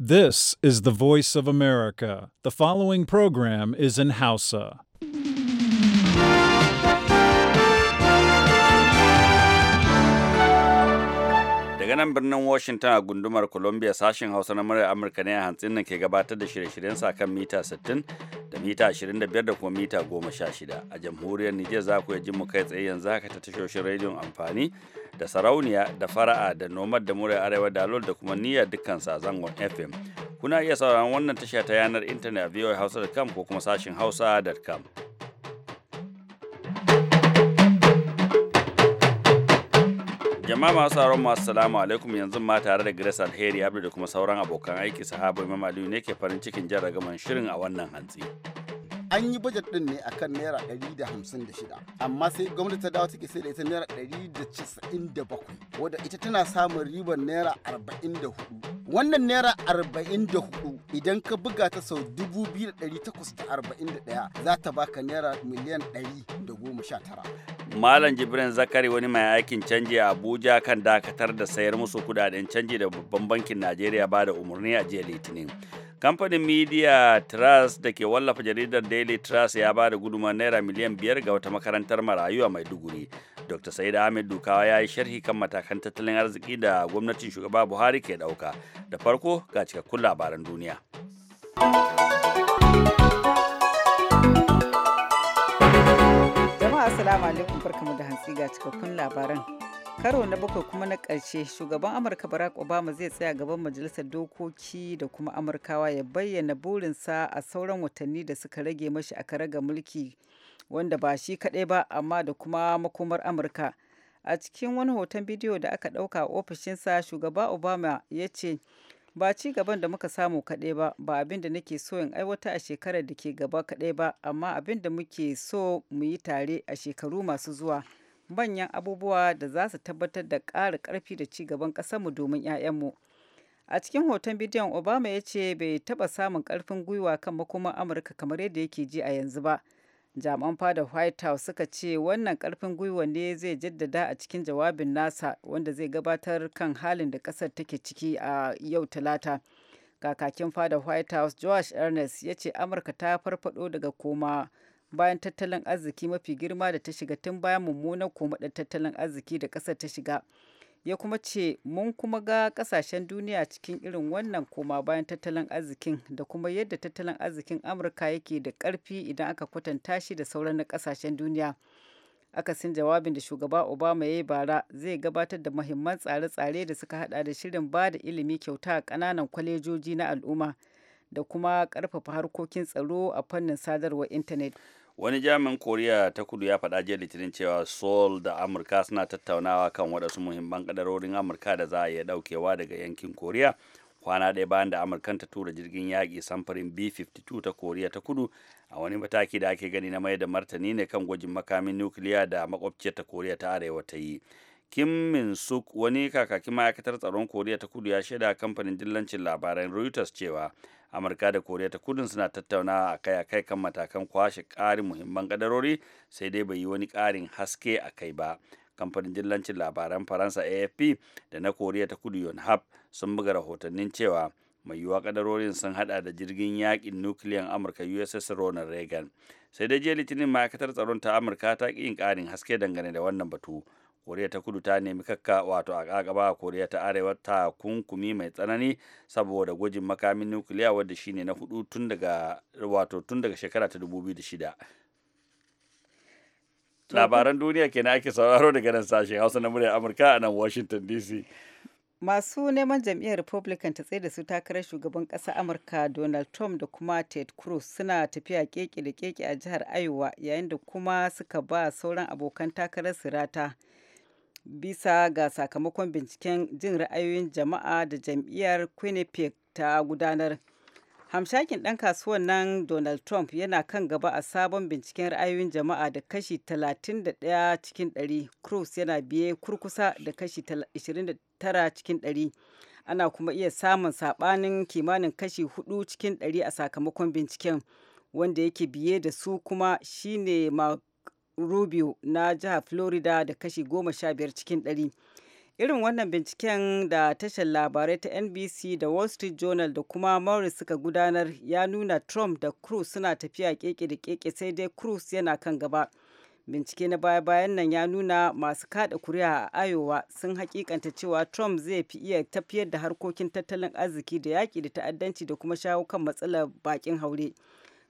This is the voice of America. The following program is in Hausa. Daga nan birnin Washington a gundumar Columbia sashen Hausa na murar Amurka ne a hantsin ke gabatar da shirye-shiryen sa kan mita 60 da mita 25 da kuma mita 16. A jamhuriyar Nijar za ku ji mu kai tsaye yanzu haka ta tashoshin rediyon amfani da sarauniya da fara'a da nomad da murai arewa da da kuma niyya dukkan sa zangon fm kuna iya sauraron wannan tasha ta yanar intanet a voahausa.com ko kuma sashin hausa.com jama'a masu sauran masu salamu alaikum yanzu ma tare da grace alheri abdu da kuma sauran abokan aiki sahabu imam aliyu ne ke farin cikin jan ragaman shirin a wannan hantsi. an yi bajet din ne akan naira 156 amma sai gwamnati ta dawo take sai da ita naira 197 wadda ita tana samun ribar naira 44 wannan naira 44 idan ka buga ta sau 2841 za ta baka naira miliyan 119 Malam Jibrin Zakari wani mai aikin canji a Abuja kan dakatar da sayar musu kudaden canji da babban bankin Najeriya ba da umarni a jiya Litinin. Kamfanin Media Trust da ke wallafa jaridar Daily Trust ya ba da guduma naira miliyan biyar ga wata makarantar marayu a Maiduguri. Dr. Said Ahmed Dukawa ya yi sharhi kan matakan tattalin arziki da gwamnatin shugaba Buhari ke ɗauka. Da farko ga cikakkun labaran duniya. Jama'a Assalamu alaikum barkamu da hantsi ga cikakkun labaran. karo na bakwai kuma na ƙarshe shugaban amurka barack obama zai tsaya gaban majalisar dokoki da kuma amurkawa ya bayyana burinsa a sauran watanni da suka rage mashi a karaga mulki wanda ba shi kaɗai ba amma da kuma makomar amurka a cikin wani hoton bidiyo da aka ɗauka a ofishinsa shugaba obama ya ce ba ci gaban da muka samu kaɗai ba ba abin da nake so in aiwata a shekarar da ke gaba kaɗai ba amma abin da muke so mu yi tare a shekaru masu zuwa manyan abubuwa da za su tabbatar da ƙara ƙarfi da ci gaban ƙasarmu domin 'ya'yanmu. A cikin hoton bidiyon Obama ya ce bai taɓa samun ƙarfin gwiwa kan makoman Amurka kamar yadda yake ji a yanzu ba. Jami'an fada White House suka ce wannan ƙarfin gwiwa ne zai jaddada a cikin jawabin nasa wanda zai gabatar kan halin da ƙasar take ciki a yau Talata. Kakakin fada White House Josh Ernest ya ce Amurka ta farfado daga koma bayan tattalin arziki mafi girma da ta shiga tun bayan mummunar da tattalin arziki da kasar ta shiga ya kuma ce mun kuma ga kasashen duniya cikin irin wannan koma bayan tattalin arzikin da kuma yadda tattalin arzikin amurka yake da karfi idan aka kwatanta shi da sauran na ƙasashen duniya akasin jawabin da shugaba obama ya yi bara zai gabatar da mahimman tsare-tsare da suka hada da shirin ba da ilimi kyauta a kananan kwalejoji na al'umma da kuma karfafa harkokin tsaro a fannin sadarwar intanet wani jami'in koriya ta kudu ya faɗa jiya litinin cewa seoul da amurka suna tattaunawa kan waɗansu muhimman ƙadarorin amurka da za a iya ɗaukewa daga yankin koriya kwana ɗaya bayan da amurkan ta tura jirgin yaƙi samfurin b-52 ta koriya ta kudu a wani mataki da ake gani na mai da martani ne kan gwajin makamin nukiliya da makwabciyar ta koriya ta arewa ta yi Kim Min Suk wani kakakin ma'aikatar tsaron Koriya ta Kudu ya shaida kamfanin dillancin labaran Reuters cewa amurka da koriya ta kudin suna tattaunawa a kai kan matakan kwashe ƙarin muhimman kadarori sai dai bai yi wani ƙarin haske a kai ba kamfanin dillancin labaran faransa afp da na koriya ta kudu yonhap sun buga rahotannin cewa mai yiwuwa kadarorin sun hada da jirgin yakin nukiliyan amurka uss ronald reagan sai dai jiya litinin ma'aikatar tsaron ta amurka ta ƙi yin ƙarin haske dangane da wannan batu koriya ta kudu ta nemi kakka wato a kakaba koriya ta arewa ta kunkumi mai tsanani saboda gwajin makamin nukiliya wadda shine na hudu tun daga wato tun daga shekara ta 2006 labaran duniya kenan ake sauraro daga nan sashen hausa na muryar amurka a nan washington dc masu neman jam'iyyar republican ta tsaye da su takarar shugaban ƙasa amurka donald trump da kuma ted cruz suna tafiya keke da keke a jihar iowa yayin da kuma suka ba sauran abokan takarar sirata rata bisa ga sakamakon binciken jin ra'ayoyin jama'a da jam'iyyar Quinnipiac ta gudanar. Hamshakin ɗan kasuwan nan Donald Trump yana kan gaba a sabon binciken ra'ayoyin jama'a da kashi 31 cikin 100, Cruz yana biye kurkusa da kashi 29 cikin 100. Ana kuma iya samun saɓanin kimanin kashi 4 cikin 100 a sakamakon binciken, wanda yake biye da su kuma shine rubio na jihar florida da kashi goma sha biyar cikin ɗari irin wannan binciken da tashar labarai ta nbc da wall street journal da kuma morris suka gudanar ya nuna trump da cruz suna tafiya keke da keke sai dai cruz yana kan gaba bincike na baya-bayan nan ya nuna masu kada kuri'a a iowa sun hakikanta cewa trump zai fi iya tafiyar da harkokin tattalin arziki da yaƙi da ta'addanci da kuma shawo kan matsalar bakin haure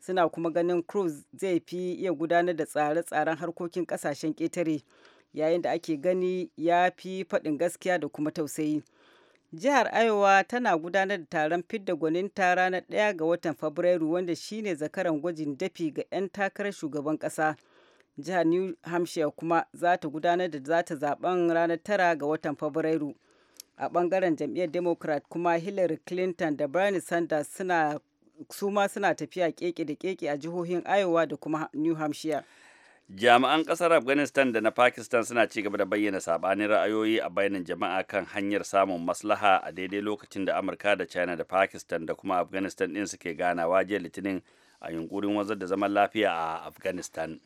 suna kuma ganin Cruz zai fi iya gudanar da tsare-tsaren harkokin kasashen ƙetare yayin da ake gani ya fi faɗin gaskiya da kuma tausayi. Jihar Iowa tana gudanar da taron fidda gwaninta ranar ɗaya ga watan Fabrairu wanda shine zakaran gwajin dafi ga 'yan takarar shugaban ƙasa. Jihar New Hampshire kuma za ta gudanar da za ta zaben ranar tara ga watan Fabrairu. A ɓangaren jam'iyyar Democrat kuma Hillary Clinton da Bernie Sanders suna su ma suna tafiya keke da keke a jihohin Iowa da kuma New Hampshire. Jami'an ƙasar Afghanistan da na Pakistan suna ci gaba da bayyana saɓanin ra'ayoyi a bayanan jama'a kan hanyar samun maslaha a daidai lokacin da Amurka da China da Pakistan da kuma Afghanistan ɗin suke ganawa jiya Litinin a yunkurin wanzar da zaman lafiya a Afghanistan.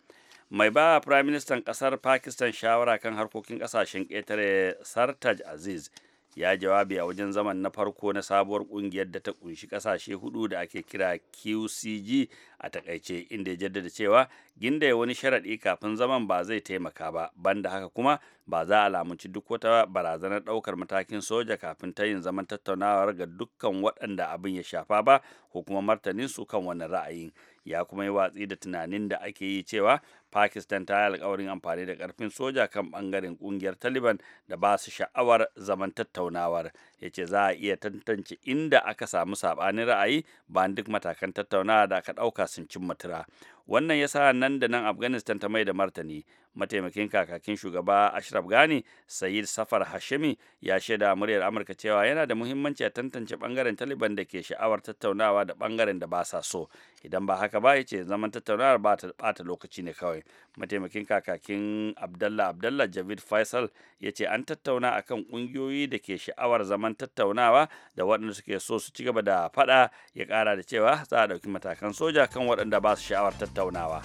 mai ba firaministan ƙasar pakistan shawara kan harkokin ƙasashen ƙetare sartaj aziz ya jawabi a wajen zaman na farko na sabuwar kungiyar da ta kunshi kasashe hudu da ake kira qcg a takaice inda ya jaddada cewa gindaya wani sharaɗi kafin zaman ba zai taimaka ba banda haka kuma ba za a lamunci duk wata barazanar ɗaukar matakin soja kafin ta yin zaman tattaunawar ga dukkan waɗanda abin ya shafa ba ko kuma martanin su kan wani ra'ayin ya kuma yi watsi da tunanin da ake yi cewa pakistan ta yi alkawarin amfani da ƙarfin soja kan ɓangaren ƙungiyar taliban da ba su sha'awar zaman tattaunawar ya ce za a iya tantance inda aka samu saɓanin ra'ayi ba duk matakan tattaunawa da aka ɗauka sun cin matura wannan ya sa nan da nan afghanistan ta mai da martani mataimakin kakakin shugaba ashraf gani sayid safar hashimi ya shaida muryar amurka cewa yana da muhimmanci a tantance ɓangaren taliban da ke sha'awar tattaunawa da ɓangaren da ba sa so idan ba haka ba ya ce zaman tattaunawar ba ta lokaci ne kawai kawai mataimakin kakakin abdallah abdallah javid faisal ya ce an tattauna akan ƙungiyoyi da ke sha'awar zaman tattaunawa da waɗanda suke so su ci gaba da faɗa ya ƙara da cewa za a ɗauki matakan soja kan waɗanda ba su sha'awar tattaunawa.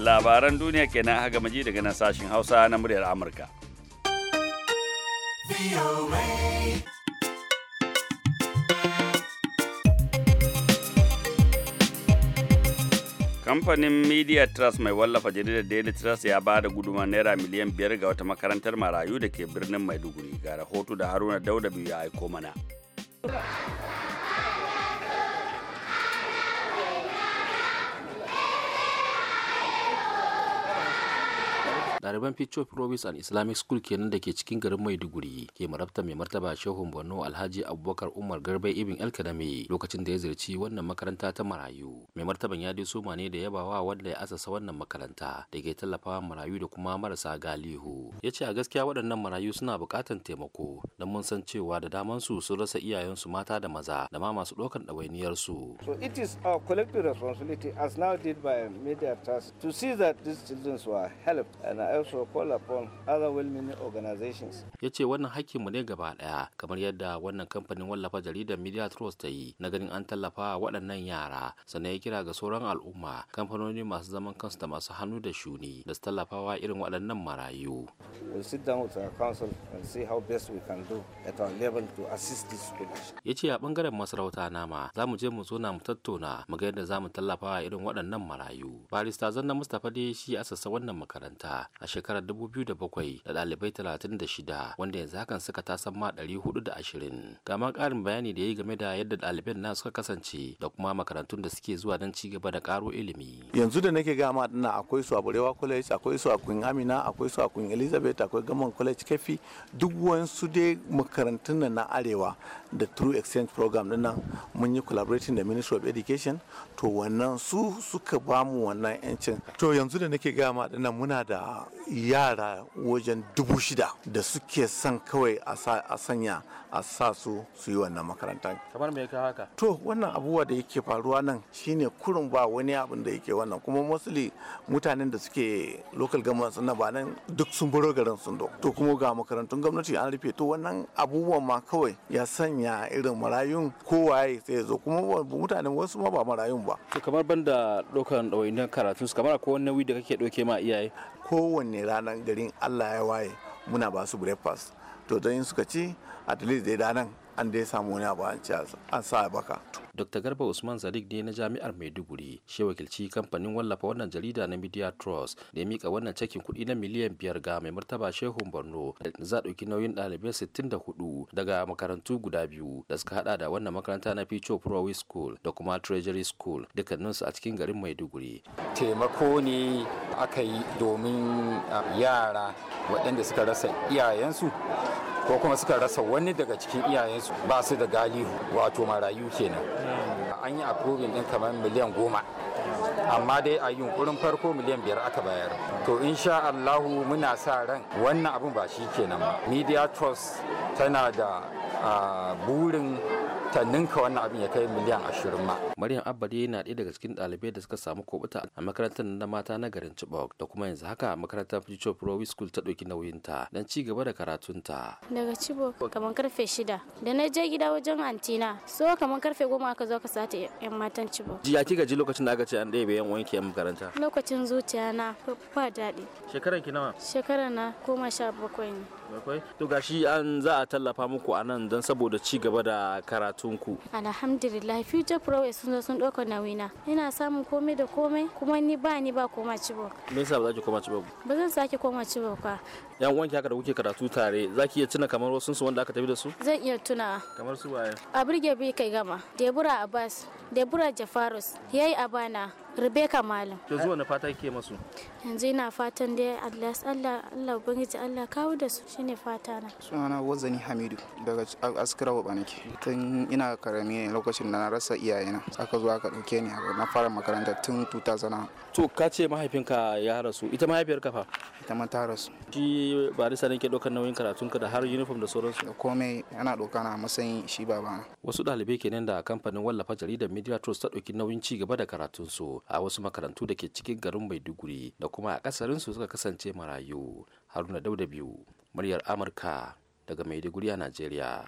labaran duniya kenan haga maji daga nan sashen hausa na muryar amurka. kamfanin media trust mai wallafa jaridar daily trust ya ba da guduma naira miliyan biyar ga wata makarantar marayu da ke birnin maiduguri ga rahoto da haruna dauda biyu ya aiko mana ɗaliban Picture Province and Islamic School kenan da ke cikin garin Maiduguri ke marabta mai martaba Shehun Borno Alhaji Abubakar Umar Garba Ibn El Kadame lokacin da ya ziyarci wannan makaranta ta marayu. Mai martaban ya dai soma ne da yabawa wanda ya asasa wannan makaranta da ke tallafawa marayu da kuma marasa galihu. Ya ce a gaskiya waɗannan marayu suna buƙatar taimako don mun san cewa da su sun rasa iyayensu mata da maza da ma masu ɗaukar ɗawainiyarsu. So it is our collective responsibility as now did by media task to see that these children were helped and also upon other well-meaning organizations. Ya ce wannan hakkinmu ne gaba ɗaya kamar yadda wannan kamfanin wallafa jaridar Media Trust ta yi na ganin an tallafa waɗannan yara sannan ya kira ga sauran al'umma kamfanoni masu zaman kansu da masu hannu da shuni da su tallafawa irin waɗannan marayu. We'll sit down with our council and see how best we can do at our level to assist this Ya ce a ɓangaren masarauta nama za mu je mu zo na mu tattauna mu ga yadda za mu tallafa irin waɗannan marayu. Barista Zanna Mustapha dai shi sassa wannan makaranta a shekarar 2007 da ɗalibai 36 wanda yanzu hakan suka tasan ma 420 ga ma ƙarin bayani da ya yi game da yadda ɗaliban na suka kasance da kuma makarantun da suke zuwa don ci gaba da karo ilimi yanzu da nake gama dina akwai su a Burewa College akwai su a Queen Amina akwai su a Queen Elizabeth akwai Gaman College Kefi duk wansu dai makarantun na arewa da true exchange program din nan mun yi collaborating da ministry of education to wannan su suka ba mu wannan yancin to yanzu da nake gaya ma dinnan muna da yara wajen dubu shida da suke son kawai a sanya a sa su su yi wannan makarantar kamar me ka haka to wannan abubuwa da yake faruwa nan shine kurun ba wani abin da yake wannan kuma mostly mutanen da suke local government na ba nan duk sun baro garin sun to kuma ga makarantun gwamnati an rufe to wannan abubuwan ma kawai ya sanya sanya irin marayun kowaye sai zo kuma mutanen wasu ma ba marayun ba to kamar banda dokan ɗawainiyar karatun su kamar akwai wani da kake ɗauke ma iyaye kowanne ranar garin Allah ya waye muna ba su breakfast to don suka ci at least dai ranar an dai samu wani abu an an sa baka. Dr. Garba Usman Sadiq ne na Jami'ar Maiduguri, shi wakilci kamfanin wallafa wannan jarida na Media Trust da ya mika wannan cakin kuɗi na miliyan biyar ga mai martaba Shehu Borno da za ɗauki nauyin ɗalibai sittin da 64 daga makarantu guda biyu da suka haɗa da wannan makaranta na Picho Pro School da kuma Treasury School dukkanin su a cikin garin Maiduguri. Taimako ne aka yi domin ah, yara waɗanda suka rasa iyayensu ko kuma suka rasa wani daga cikin iyayensu ba su da galihu wato marayu kenan an yi approving din kamar miliyan goma amma dai a yunkurin farko miliyan biyar aka bayar to in sha allahu muna sa ran wannan abin ba shi kenan ba media trust tana da ah, burin ta ninka wannan abin ya kai miliyan ashirin ma. Maryam Abbali na ɗaya daga cikin ɗalibai da suka samu kubuta a makarantar na mata na garin Chibok da kuma yanzu haka makarantar Future Pro School ta ɗauki nauyinta don ci gaba da karatunta. Daga Chibok kamar karfe shida da na je gida wajen antina so kamar karfe goma aka zo ka sata yan matan Chibok. Ji ya ki gaji lokacin da aka ce an ɗebe yan wanki yan makaranta. Lokacin zuciya na ba daɗi. Shekaran ki nawa? Shekara na goma sha bakwai ne. Bakwai? To gashi an za a tallafa muku a nan don saboda ci gaba da karatu. bukatunku. Alhamdulillah Future Pro sun zo sun ɗauka nauyina. Ina samun komai da komai kuma ni ba ni ba koma Chibok. Me yasa ba za ki koma Chibok? Ba zan sake koma Chibok ba. yan wanke haka da kuke karatu tare zaki iya tuna kamar wasu su wanda aka tafi da su zan iya tuna kamar su waye a burge bi kai gama debura abbas debura jafarus yayi abana Rebecca Malam. To zuwa na fata kike masu? Yanzu ina fatan dai Allah Allah Allah ubangiji Allah kawo da su shine fata na. Sunana Wazani Hamidu daga Askira wa banake Tun ina karami lokacin da na rasa iyayena. Aka zo aka dauke ni na fara makaranta tun 2000 to ka ce mahaifinka ya rasu ita mahaifiyarka fa ita ma ta rasu shi barista ne ke ɗaukar nauyin karatunka da har uniform da sauransu da komai ana doka na matsayin shi babana wasu ɗalibai kenan da kamfanin wallafa jaridar media trust ta ɗauki nauyin ci gaba da karatunsu a wasu makarantu da ke cikin garin maiduguri da kuma a kasarin su suka kasance marayu haruna dauda biyu muryar amurka daga maiduguri a najeriya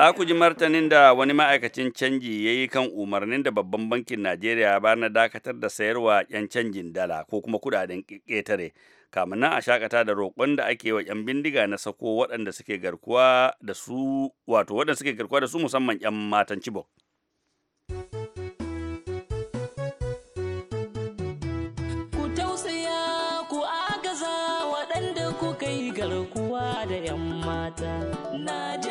Za ku ji martanin da wani ma'aikacin canji ya yi kan umarnin da babban bankin Najeriya ba na dakatar da sayarwa 'yan canjin dala ko kuma kudaden ƙetare. Kamun nan a shakata da roƙon da ake wa 'yan bindiga na sako waɗanda suke garkuwa da su wato waɗanda suke garkuwa da su musamman 'yan matan Chibok. Ku tausaya garkuwa da 'yan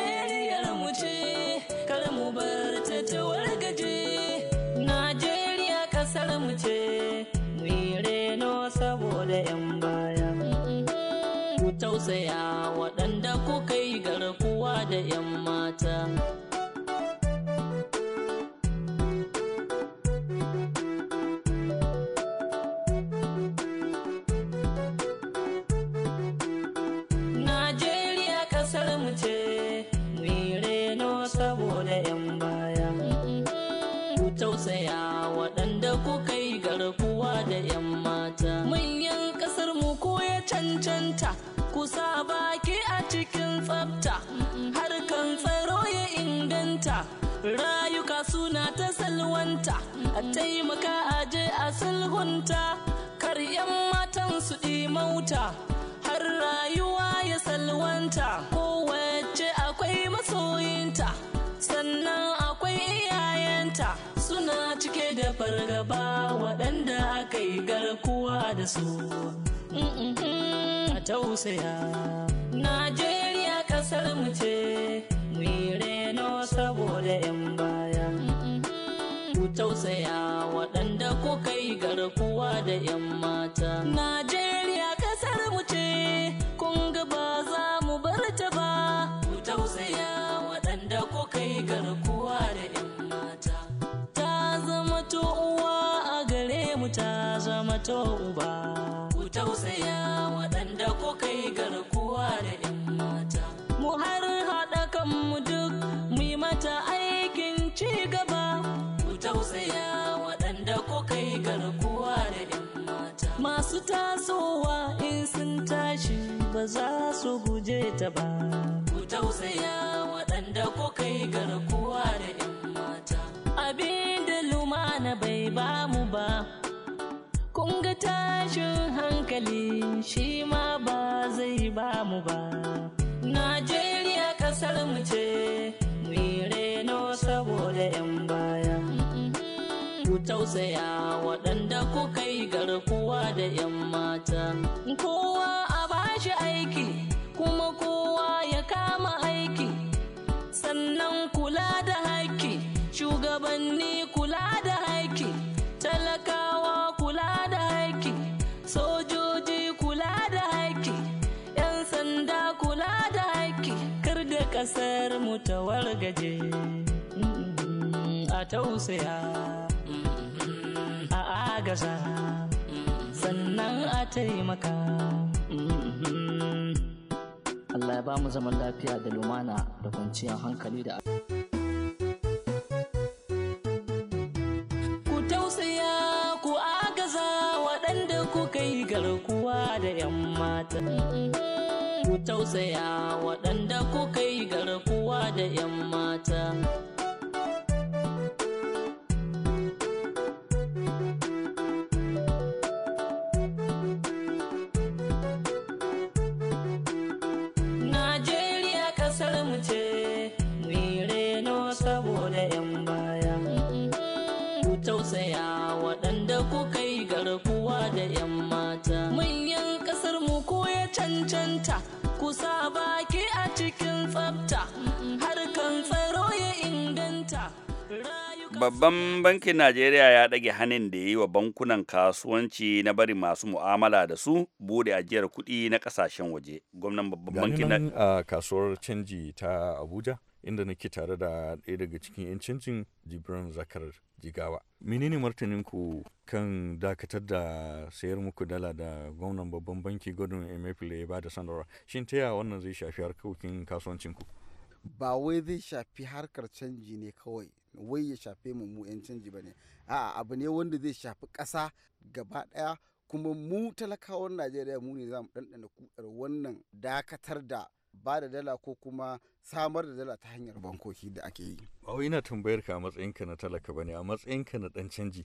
tausaya kowace akwai masoyinta sannan akwai iyayenta suna cike da fargaba waɗanda aka yi garkuwa da su a tausaya najeriya ƙasar mu ce mu reno saboda 'yan baya ku tausaya waɗanda kuka yi garkuwa da 'yan mata najeriya ƙasarmu mu ce kun gaba so uba. Ku tausaya waɗanda ko kai garkuwa da 'yan mata. Mu har haɗa kanmu duk mu yi mata aikin ci gaba. Ku tausaya waɗanda ko kai garkuwa da 'yan mata. Masu tasowa in sun tashi ba za su guje ta ba. Ku tausaya waɗanda ko kai garkuwa da 'yan mata. Abin da lumana bai bamu kun tashin hankali shi ma ba zai ba mu ba najeriya kasar mu ce mu reno saboda 'yan baya ku tausaya waɗanda kuka yi garkuwa da 'yan mata kowa a bashi aiki kuma kowa ya kama aiki sannan kula da haƙƙi shugabanni ta wargaje mm-hmm. a tausaya mm-hmm. a agaza mm-hmm. sannan a taimaka Allah ya ba mu zaman lafiya da lumana da kwanciyar hankali da ku tausaya ku agaza waɗanda ku kai garkuwa da 'yan mata ku tausaya waɗanda ku kai garkuwa da 'yan mata Babban bankin Najeriya ya ɗage hannun da ya yi wa bankunan kasuwanci na bari masu mu'amala da su bude ajiyar kuɗi na kasashen waje. Gwamnan babban bankin na a kasuwar canji ta Abuja inda nake tare da ɗaya daga cikin 'yan canjin Jibran Zakar Jigawa. Menene martanin ku kan dakatar da sayar muku dala da gwamnan babban banki Godwin Emefiele ya bada sanarwa. Shin ta yaya wannan zai shafi harkokin kasuwancinku. Ba wai zai shafi harkar canji ne kawai. wai ya shafe mu mu 'yan canji bane ne a'a abu ne wanda zai shafi ƙasa gaba ɗaya kuma mu talakawan najeriya mu ne za mu ɗanɗana kudar wannan dakatar da ba da dala ko kuma samar da dala ta hanyar bankoki da ake yi ba wai ina tambayar ka a matsayinka na talaka bane ne a matsayinka na ɗan canji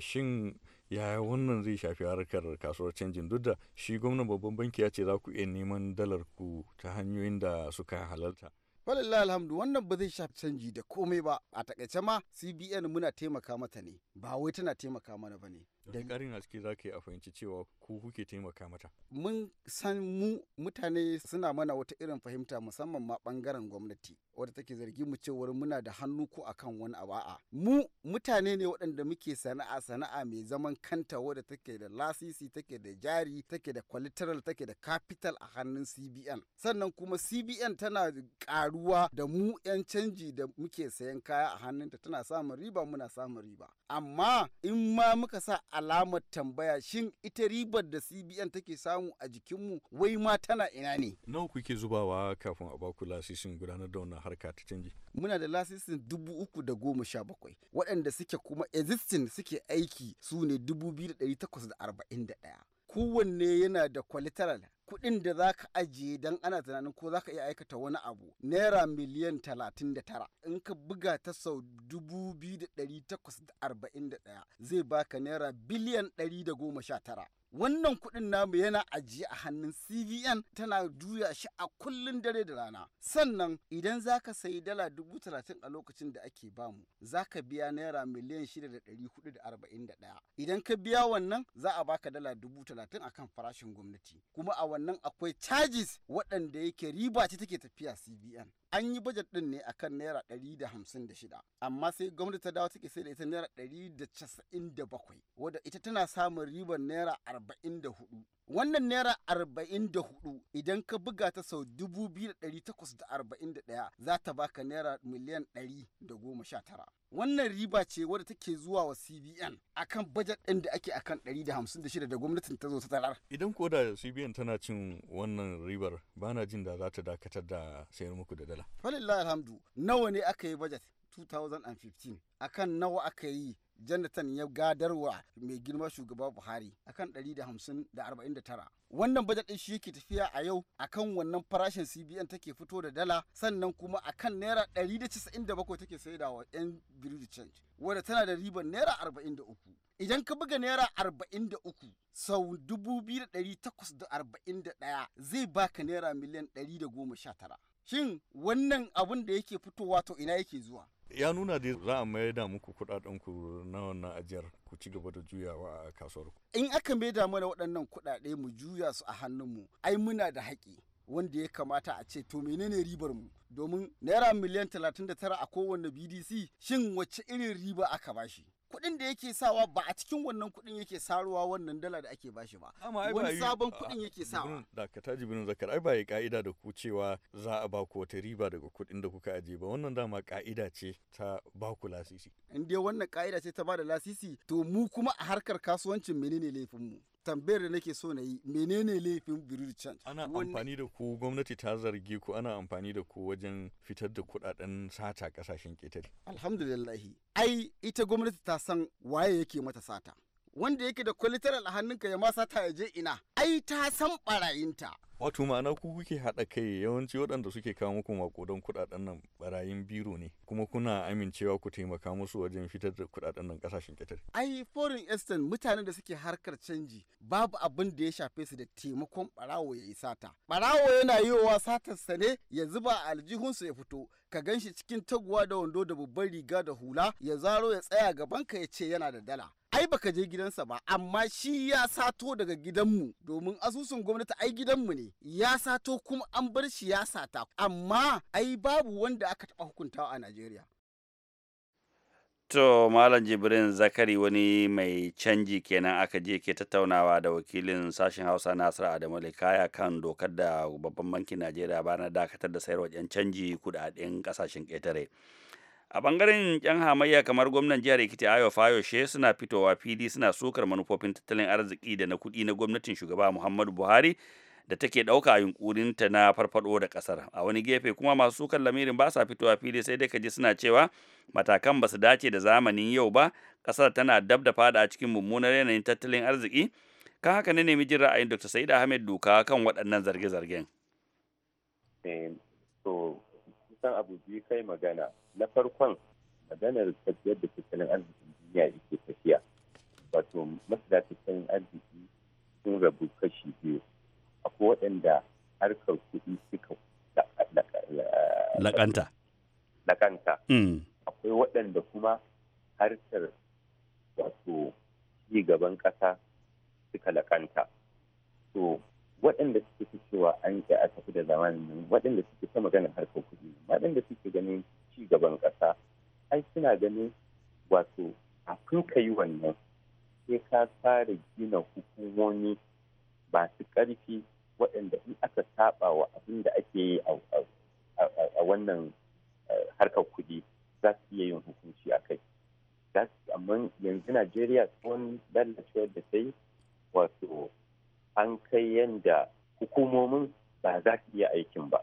shin yaya wannan zai shafi harkar kasuwar canjin duk da shi gwamnan babban banki ya ce za ku iya neman dalar ku ta hanyoyin da suka halarta falillah alhamdu wannan ba zai shafi canji da komai ba a takaice ma cbn muna taimaka mata ne ba wai tana taimaka mana ba ne. Da ƙarin haske za ka yi a fahimci cewa ku kuke taimaka mata. Mun san mu mutane suna mana wata irin fahimta musamman ma ɓangaren gwamnati wadda take zargi mu cewar muna da hannu ko akan wani abu a'a. Mu mutane ne waɗanda muke sana'a sana'a mai zaman kanta wadda take da lasisi take da jari take da kwalitaral take da capital a hannun CBN. Sannan kuma CBN tana karuwa da mu 'yan canji da muke sayan kaya a hannunta tana samun riba muna samun riba. amma in ma muka sa alamar tambaya shin ita ribar da cbn take samu a jikinmu wai ma tana ina ne nawa kuke zubawa kafin a baku lasisin gudanar da wannan harka ta canji muna da lasisin dubu uku da goma sha bakwai waɗanda suke kuma existing suke aiki su ne dubu biyu da ɗari takwas da arba'in da ɗaya kowanne yana da collateral kuɗin da za ka ajiye don ana tunanin ko za ka iya aikata wani abu naira miliyan talatin da tara in ka buga ta sau dubu biyu da ɗari takwas da arba'in da ɗaya zai baka naira biliyan ɗari da goma sha tara wannan kuɗin namu yana ajiye a hannun cvn tana juya shi a kullun dare da rana sannan idan za ka sayi dala dubu talatin a lokacin da ake bamu za ka biya naira miliyan shida da ɗari hudu da arba'in da ɗaya idan ka biya wannan za a baka dala dubu talatin a kan farashin gwamnati kuma a wannan akwai charges waɗanda yake riba ce take tafiya cbn an yi bajet din ne akan naira ɗari da da hamsin shida, amma sai gwamnati ta dawo take sai da ita naira bakwai, wadda ita tana samun ribar naira arba'in da hudu. Wannan naira arba'in da hudu idan ka buga ta sau dubu biyu da ɗari takwas da arba'in da ɗaya za ta baka naira miliyan ɗari da goma sha tara. Wannan riba ce wadda take zuwa wa CBN akan bajet ɗin da ake akan ɗari da hamsin da shida da gwamnatin ta zo ta tarar. Idan ko da CBN tana cin wannan ribar ba na jin da za ta dakatar da sayar muku da dala. Falillah alhamdu nawa ne aka yi bajet 2015 akan nawa aka yi Jonathan ya gadarwa mai girma shugaba Buhari akan 150 da Wannan bajet ɗin shi yake tafiya a yau akan wannan farashin CBN take fito da dala sannan kuma akan naira 197 take wa 'yan Biridi Change wadda tana da ribar naira 43. Idan ka buga naira 43 sau 2,841 zai baka naira miliyan 119. Shin wannan abin da yake fitowa to ina yake zuwa? ya nuna dai za a mai da muku kuɗaɗen ku na wannan ajiyar ku ci gaba da juyawa a kasuwar ku in aka mai da mana waɗannan kuɗaɗe mu juya su a hannunmu, ai muna da haƙi wanda ya kamata a ce to menene ribar mu domin naira miliyan 39 a kowanne bdc shin wacce irin riba aka bashi kuɗin da yake sawa ba a cikin wannan kuɗin yake saruwa wannan dala da ake bashi ba wani sabon kuɗin yake sawa da ka taji binin zakar ai ba ya ka'ida da ku cewa za a ba ku wata riba daga kuɗin da kuka aje ba wannan dama ka'ida ce ta ba ku lasisi in dai wannan ka'ida ce ta ba da lasisi to mu kuma a harkar kasuwancin menene laifin mu tambayar da nake so na yi menene laifin birudi change ana amfani da ku gwamnati ta zargi ku ana amfani da ku wajen fitar da kudaden sata kasashen ketare alhamdulillah ai ita gwamnati ta san waye yake mata sata wanda yake da kwalitaral a hannunka ya masa ta je ina ai ta san barayinta wato ma'ana ku kuke haɗa kai yawanci waɗanda suke kawo muku makodan kuɗaɗen nan barayin biro ne kuma kuna amincewa ku taimaka musu wajen fitar da kuɗaɗen nan ƙasashen ƙetare ai foreign eastern mutanen da suke harkar canji babu abin da ya shafe su da taimakon ɓarawo ya yi sata barawo yana yi wa satar ne ya zuba a aljihunsa ya fito ka ganshi cikin taguwa da wando da babban riga da hula ya zaro ya tsaya gaban ka ya ce yana da dala kai baka je gidansa ba amma shi ya sato daga gidanmu domin asusun gwamnati ai gidanmu ne ya sato kuma an bar shi ya sata amma ai babu wanda aka taɓa hukuntawa a Najeriya. To Malam Jibrin Zakari wani mai canji kenan aka je ke tattaunawa da wakilin sashen Hausa Nasir Adamu kaya kan dokar da babban bankin Najeriya bana dakatar da sayarwa 'yan canji kudaden kasashen ƙetare. a bangaren yan hamayya kamar gwamnan jihar Ekiti Ayo yaushe suna fitowa fili suna sukar manufofin tattalin arziki da na kuɗi na gwamnatin shugaba Muhammadu Buhari da take ɗauka yunkurinta na farfado da kasar. a wani gefe kuma masu sukar lamirin ba sa fitowa fili sai dai kaji suna cewa matakan ba su dace da zamanin yau ba ƙasar tana dab da fada a cikin mummunar yanayin tattalin arziki kan haka ne nemi jin ra'ayin dr sa'id ahmed duka kan waɗannan zarge-zargen. Eh, to abu biyu kai magana na farkon maganar tafiyar da tattalin arzikin duniya yake tafiya wato masana tattalin arziki sun rabu kashi biyu akwai waɗanda harkar kuɗi suka eh, lakanta lakanta mm. akwai waɗanda kuma harkar wato ci gaban ƙasa suka lakanta to waɗanda suke cewa an ƙi a tafi da zamanin nan waɗanda suke ta magana harkar kuɗi waɗanda suke ganin ci gaban ƙasa ai suna ganin wato kun ka yi wannan sai ka fara gina hukumomi masu ƙarfi waɗanda in aka saba wa abin da ake yi a wannan eh, harkar kuɗi za su iya yin hukunci a kai amma yanzu najeriya tsohon lalacewar da ta yi wato an kai yadda hukumomin ba za su iya aikin ba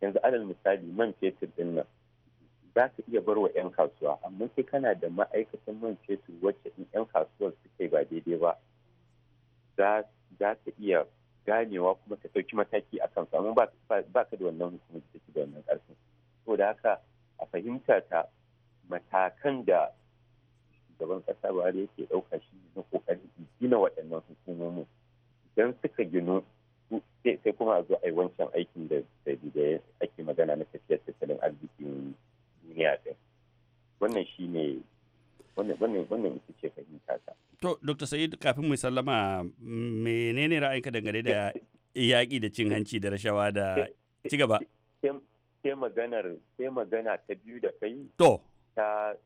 yanzu alal misali man fetur din za ka iya bar wa 'yan kasuwa amma sai kana da ma'aikatan man fetur wacce in 'yan kasuwar suke ba daidai ba za ka iya ganewa kuma ka sauki mataki a kan amma ba ka da wannan hukumar da take da wannan ƙarfin saboda haka a fahimta ta matakan da shugaban ƙasa buhari yake ɗauka shi na ƙoƙarin gina waɗannan hukumomin idan suka ginu sai kuma a zo a yi wancan aikin da ake magana na tafiyar tattalin arziki duniya ɗin wannan shi ne wannan ita ce fahimta ta to dr sa'id kafin mu sallama menene ra'ayinka dangane da yaƙi da cin hanci da rashawa da eh, ci gaba sai maganar sai magana ta biyu da kai to ta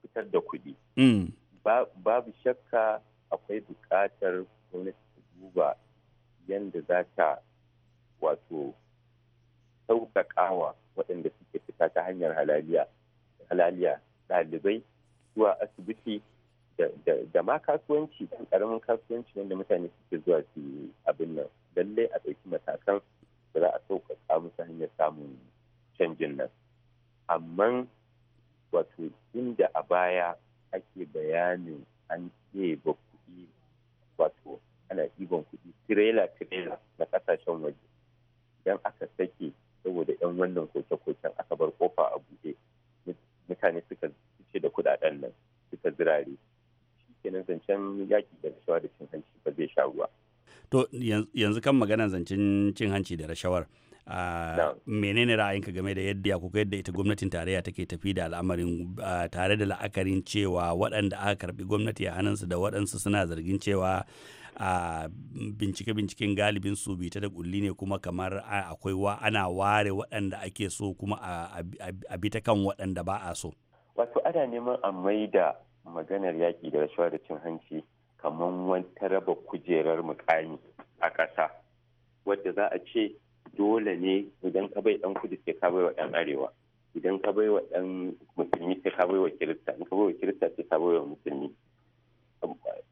fitar da kuɗi mm. babu shakka akwai buƙatar gwamnati ta duba yadda za ta wato sauƙaƙawa waɗanda suke fita ta hanyar halaliya ɗalibai zuwa asibiti da ma kasuwanci ƙaramin kasuwanci wanda mutane suke zuwa su abin nan lallai a ɗauki matakan yanzu kan magana zancen cin hanci da rashawar menene ra'ayinka game da yadda kuka yadda ita gwamnatin tarayya take tafi da al'amarin tare da la'akarin cewa waɗanda aka karbi gwamnati a hannunsu da waɗansu suna zargin cewa a bincike-binciken galibin su bita da kulli ne kuma kamar akwai wa ana ware waɗanda ake so kuma a bi ta kan waɗanda ba a so. Wato ana neman a mai da maganar yaƙi da rashawa da cin hanci kamar wata raba kujerar mukami a ƙasa wadda za a ce dole ne idan ka bai ɗan kudu sai ka bai wa ɗan arewa idan ka bai wa ɗan musulmi sai ka bai wa kirista in ka bai wa kirista sai ka bai wa musulmi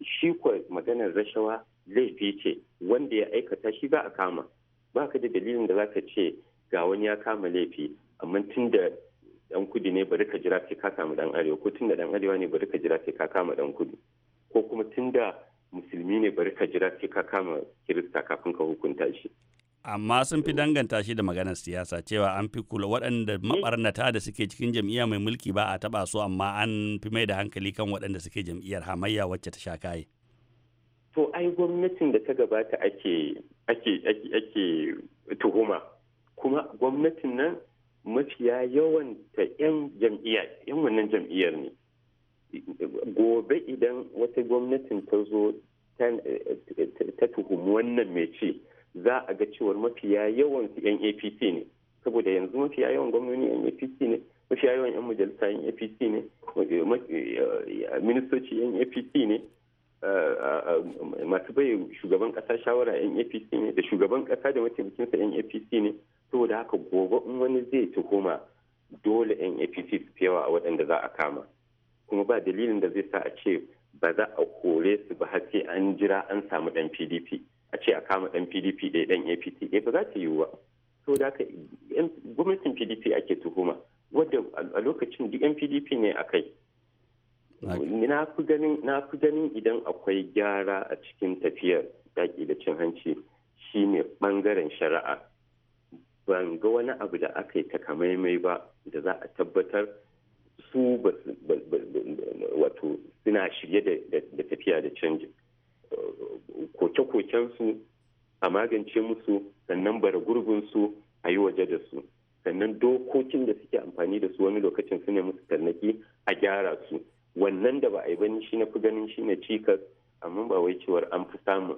shi ko maganar rashawa laifi ce wanda ya aikata shi za a kama ba ka da dalilin da za ka ce ga wani ya kama laifi amma tun da ɗan kudu ne bari ka jira sai ka kama ɗan arewa ko tun da ɗan arewa ne bari ka jira sai ka kama ɗan kudu ko kuma tunda musulmi ne bari ka jira sai ka kama kirista kafin ka hukunta shi amma sun fi danganta shi da maganar siyasa cewa an fi kula waɗanda maɓarnata da suke cikin jam'iyya mai mulki ba a taɓa su amma an fi mai da hankali kan waɗanda suke jam'iyyar hamayya wacce ta sha kaye to ai gwamnatin da ta gabata ake ake ake tuhuma kuma gwamnatin nan mafiya yawan ta 'yan jam'iyya 'yan wannan jam'iyyar ne gobe idan wata gwamnatin ta zo ta tuhumi wannan mai ci za a ga cewar mafiya yawan su yan apc ne saboda yanzu mafiya yawan gwamnoni yan apc ne mafiya yawan yan majalisa yan apc ne eh, ministoci yan apc ne eh, masu bai shugaban kasa shawara yan apc ne da shugaban kasa da mataimakinsa yan apc ne saboda haka gobe in wani zai tuhuma dole yan apc su yawa a waɗanda za a kama kuma ba dalilin da zai sa a ce ba za a kore su ba har sai an jira an samu dan pdp a ce a kama dan pdp da dan apt eh ba za ta yi ba to da ka gwamnatin pdp ake tuhuma wadda a lokacin duk yan pdp ne a kai na fi ganin idan akwai gyara a cikin tafiyar daki da cin hanci shine bangaren shari'a ban ga wani abu da aka yi takamaimai ba da za a tabbatar su wato suna shirye da tafiya da canji koke-kokensu a magance musu sannan bara gurbinsu a yi waje da su sannan dokokin da suke amfani da su wani lokacin su ne musu tarnaki a gyara su wannan da ba a yi bani shi na fi ganin shi ne cikas amma ba wai cewar an fi samu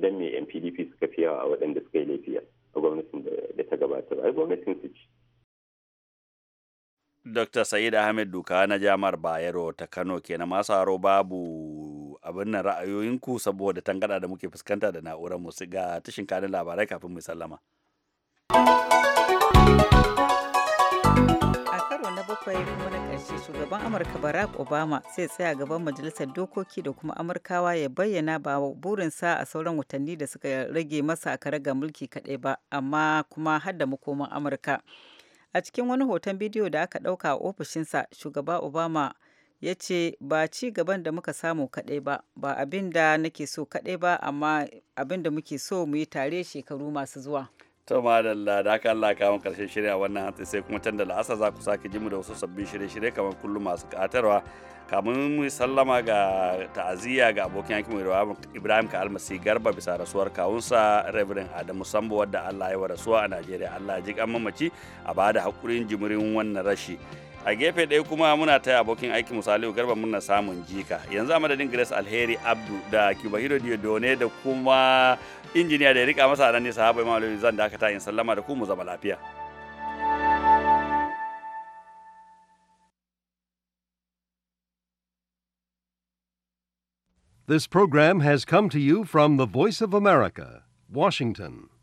dan mai mpdp suka fiyawa a waɗanda suka yi laifiya a gwamnatin da ta gabata ba ai gwamnatin su ci Dr. Sa'id Ahmed Duka na Jamar Bayero ta Kano kenan masu haro babu abin nan ra'ayoyinku saboda tangada da muke fuskanta da na'urar mu ga tashin kanin labarai kafin mu sallama. A karo na bakwai kuma na ƙarshe shugaban Amurka Barack Obama sai tsaya gaban majalisar dokoki da kuma Amurkawa ya bayyana ba burinsa a sauran watanni da suka rage masa a ga mulki kaɗai ba amma kuma hadda makoman Amurka. A cikin wani hoton bidiyo da aka ɗauka a ofishinsa, Shugaba Obama ya ce, Ba ci gaban da muka samu kaɗai ba, ba abin da nake so kaɗai ba, amma abin da muke so mu yi tare shekaru masu zuwa. to madalla da haka Allah kawo karshen shirya wannan hantsi sai kuma can da la'asa za ku sake jimu da wasu sabbin shirye-shirye kamar kullum masu katarwa kamun mu sallama ga ta'aziyya ga abokin yankin mai Ibrahim ka almasi garba bisa rasuwar kawunsa Reverend Adamu Sambo wadda Allah ya wa rasuwa a Najeriya Allah ya ji kan mamaci a bada hakurin jimirin wannan rashi a gefe ɗaya kuma muna taya abokin aiki garba muna samun jika yanzu a madadin grace alheri abdu da kibahiro diodone da kuma injiniya da ya rika masa ranar zan in sallama da ku mu zama lafiya This program has come to you from the Voice of America, Washington.